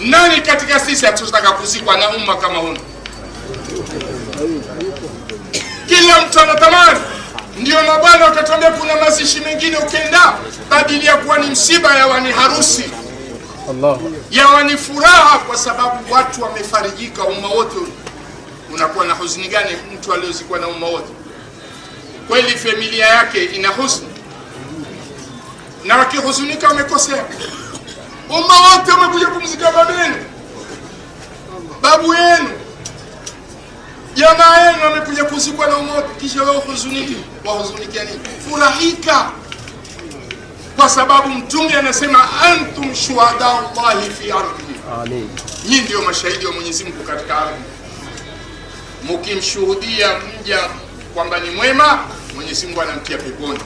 Nani katika sisi hatutaka kuzikwa na umma kama huna? Kila mtu anatamani. Ndio mabwana, utatuambia kuna mazishi mengine ukenda, badili ya kuwa ni msiba, yawa ni harusi, yawa ni furaha, kwa sababu watu wamefarijika, umma wote. Unakuwa na huzuni gani mtu aliozikwa na umma wote? Kweli familia yake ina huzuni, na wakihuzunika wamekosea. Umma wote umekuja kumzika babu yenu, babu yenu, jamaa yenu amekuja kuzikwa na umoja, kisha wewe huzuniki. Wahuzunikia nini? Furahika kwa sababu Mtume anasema antum shuhada llahi fi ardhi, amin. Nyinyi ndio mashahidi wa Mwenyezi Mungu katika ardhi, mukimshuhudia mja kwamba ni mwema Mwenyezi Mungu anamtia peponi.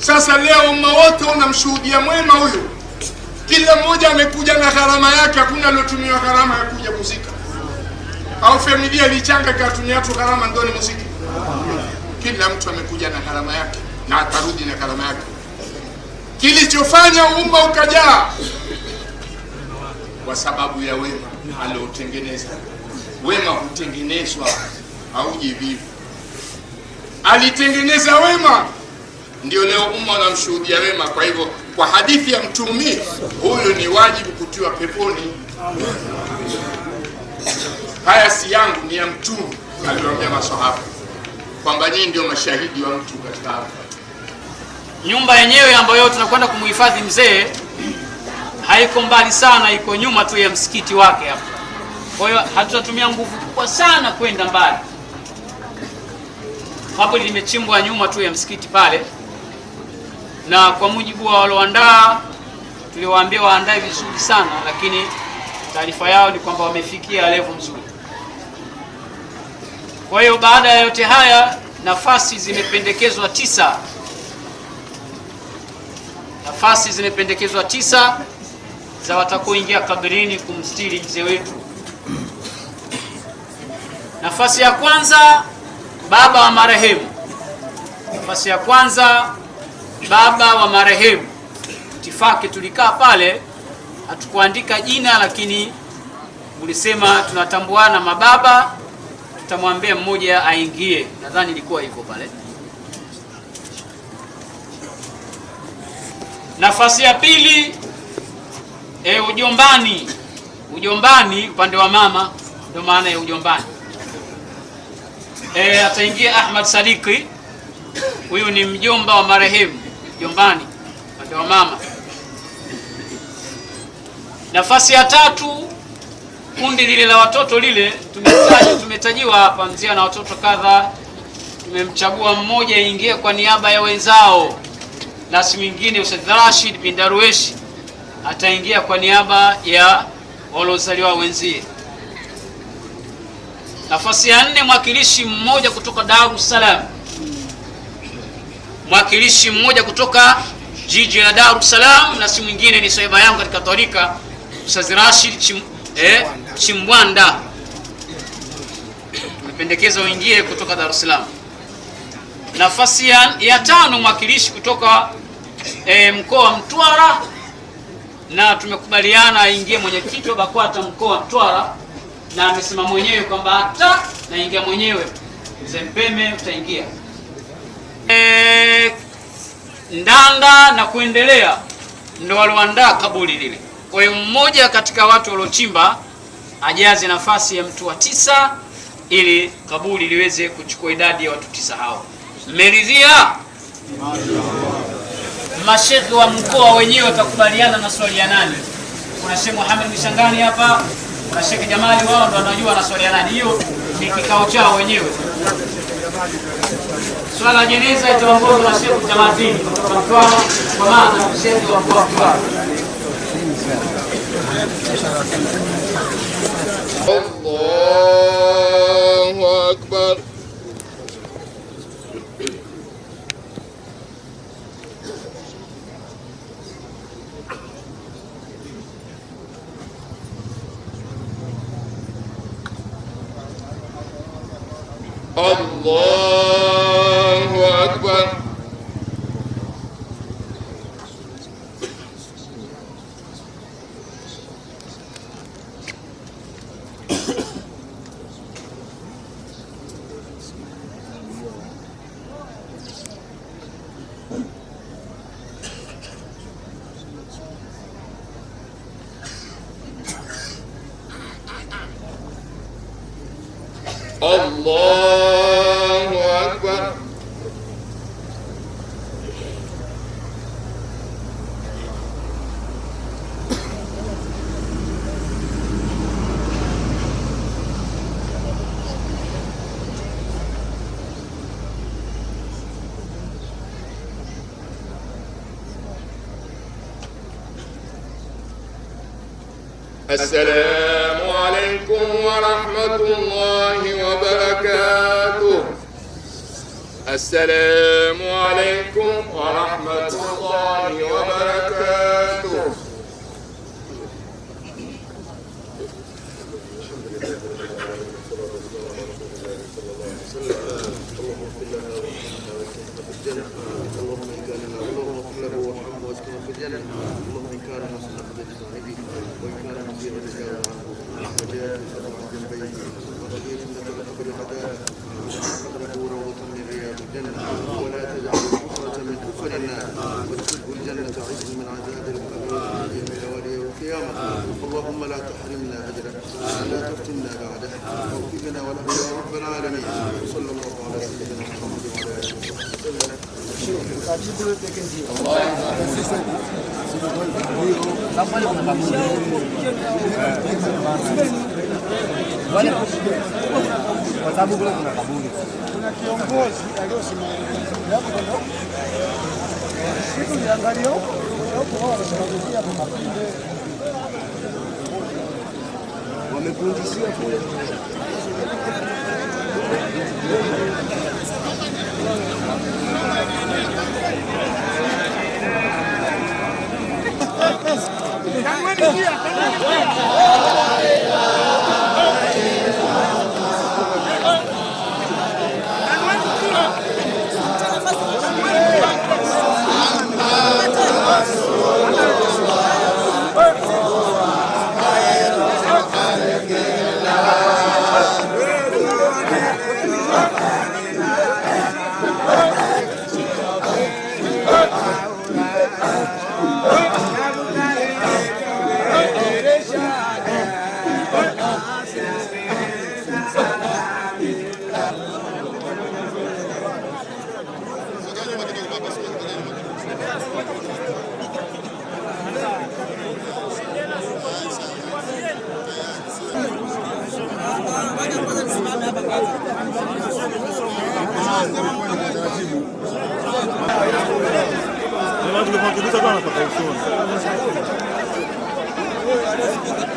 Sasa leo umma wote unamshuhudia mwema huyu, kila mmoja amekuja na gharama yake. Hakuna aliotumiwa gharama ya kuja muziki au familia ilichanga ikatumia tu gharama ndio ni muziki. Kila mtu amekuja na gharama yake na atarudi na gharama yake. Kilichofanya umma ukajaa kwa sababu ya wema aliotengeneza. Wema hutengenezwa, hauji vivu alitengeneza wema, ndio leo umma anamshuhudia wema. Kwa hivyo kwa hadithi ya mtumi huyu ni wajibu kutiwa peponi. Haya si yangu, ni ya mtume, aliwaambia maswahaba kwamba nyinyi ndio mashahidi wa mtu katika Nyumba yenyewe ambayo tunakwenda kumhifadhi mzee haiko mbali sana, iko nyuma tu ya msikiti wake hapa. Kwa hiyo hatutatumia nguvu kubwa sana kwenda mbali hapo limechimbwa nyuma tu ya msikiti pale, na kwa mujibu wa walioandaa tuliwaambia waandae vizuri sana, lakini taarifa yao ni kwamba wamefikia level nzuri. Kwa hiyo baada ya yote haya, nafasi zimependekezwa tisa, nafasi zimependekezwa tisa za watakaoingia kabrini kumstiri mzee wetu. Nafasi ya kwanza baba wa marehemu. Nafasi ya kwanza baba wa marehemu, itifaki tulikaa pale, hatukuandika jina, lakini ulisema tunatambuana mababa, tutamwambia mmoja aingie. Nadhani ilikuwa hivyo pale. Nafasi ya pili e, ujombani. Ujombani upande wa mama, ndio maana ya ujombani. E, ataingia Ahmad Sadiki. Huyu ni mjomba wa marehemu, mjombani wa mama. Nafasi ya tatu kundi lile la watoto lile tumetaji, tumetajiwa hapa mzia na watoto kadha. Tumemchagua mmoja aingie kwa niaba ya wenzao, na si mwingine Ustadh Rashid bin Darweshi ataingia kwa niaba ya waliozaliwa wenzie. Nafasi ya nne, mwakilishi mmoja kutoka Dar es Salaam, mwakilishi mmoja kutoka jiji la Dar es Salaam, na si mwingine ni sahiba yangu katika tarika Ustaz Rashid Chim, eh, Chimbwanda. Napendekeza uingie kutoka Dar es Salaam. Nafasi ya, ya tano, mwakilishi kutoka eh, mkoa wa Mtwara, na tumekubaliana aingie mwenyekiti wa BAKWATA mkoa wa Mtwara na amesema mwenyewe kwamba hata naingia mwenyewe, mzee Mpeme utaingia e, Ndanda na kuendelea, ndo walioandaa kaburi lile. Kwa hiyo mmoja katika watu waliochimba ajaze nafasi ya mtu wa tisa ili kaburi liweze kuchukua idadi ya watu tisa hao. Mmeridhia? mashehe wa mkoa wenyewe watakubaliana na swali ya nani? Kuna Sheikh Muhammad mshangani hapa na Sheikh Jamali, wao ndo wanajua anaswalia nani. Hiyo ni kikao chao wenyewe. Swala ya jeneza itaongozwa na Sheikh Jamali kwa mfano, kwa maana Sheikh wa mkoa wa Allahu Akbar. Allahu Ekber. السلام السلام عليكم ورحمة الله وبركاته اللهم اغفر لنا وارحمنا في الجنة اللهم في الجنة النار وادخله الجنة عز من عذاب القبر إلى يوم القيامة اللهم لا تحرمنا أجره ولا تفتنا بعده واغفر لنا يا رب العالمين صلى الله على سيدنا محمد وعلى آله وسلم Kuna Angalia huko huko, wanazungumzia mapinde, wamepundishia kule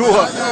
祝贺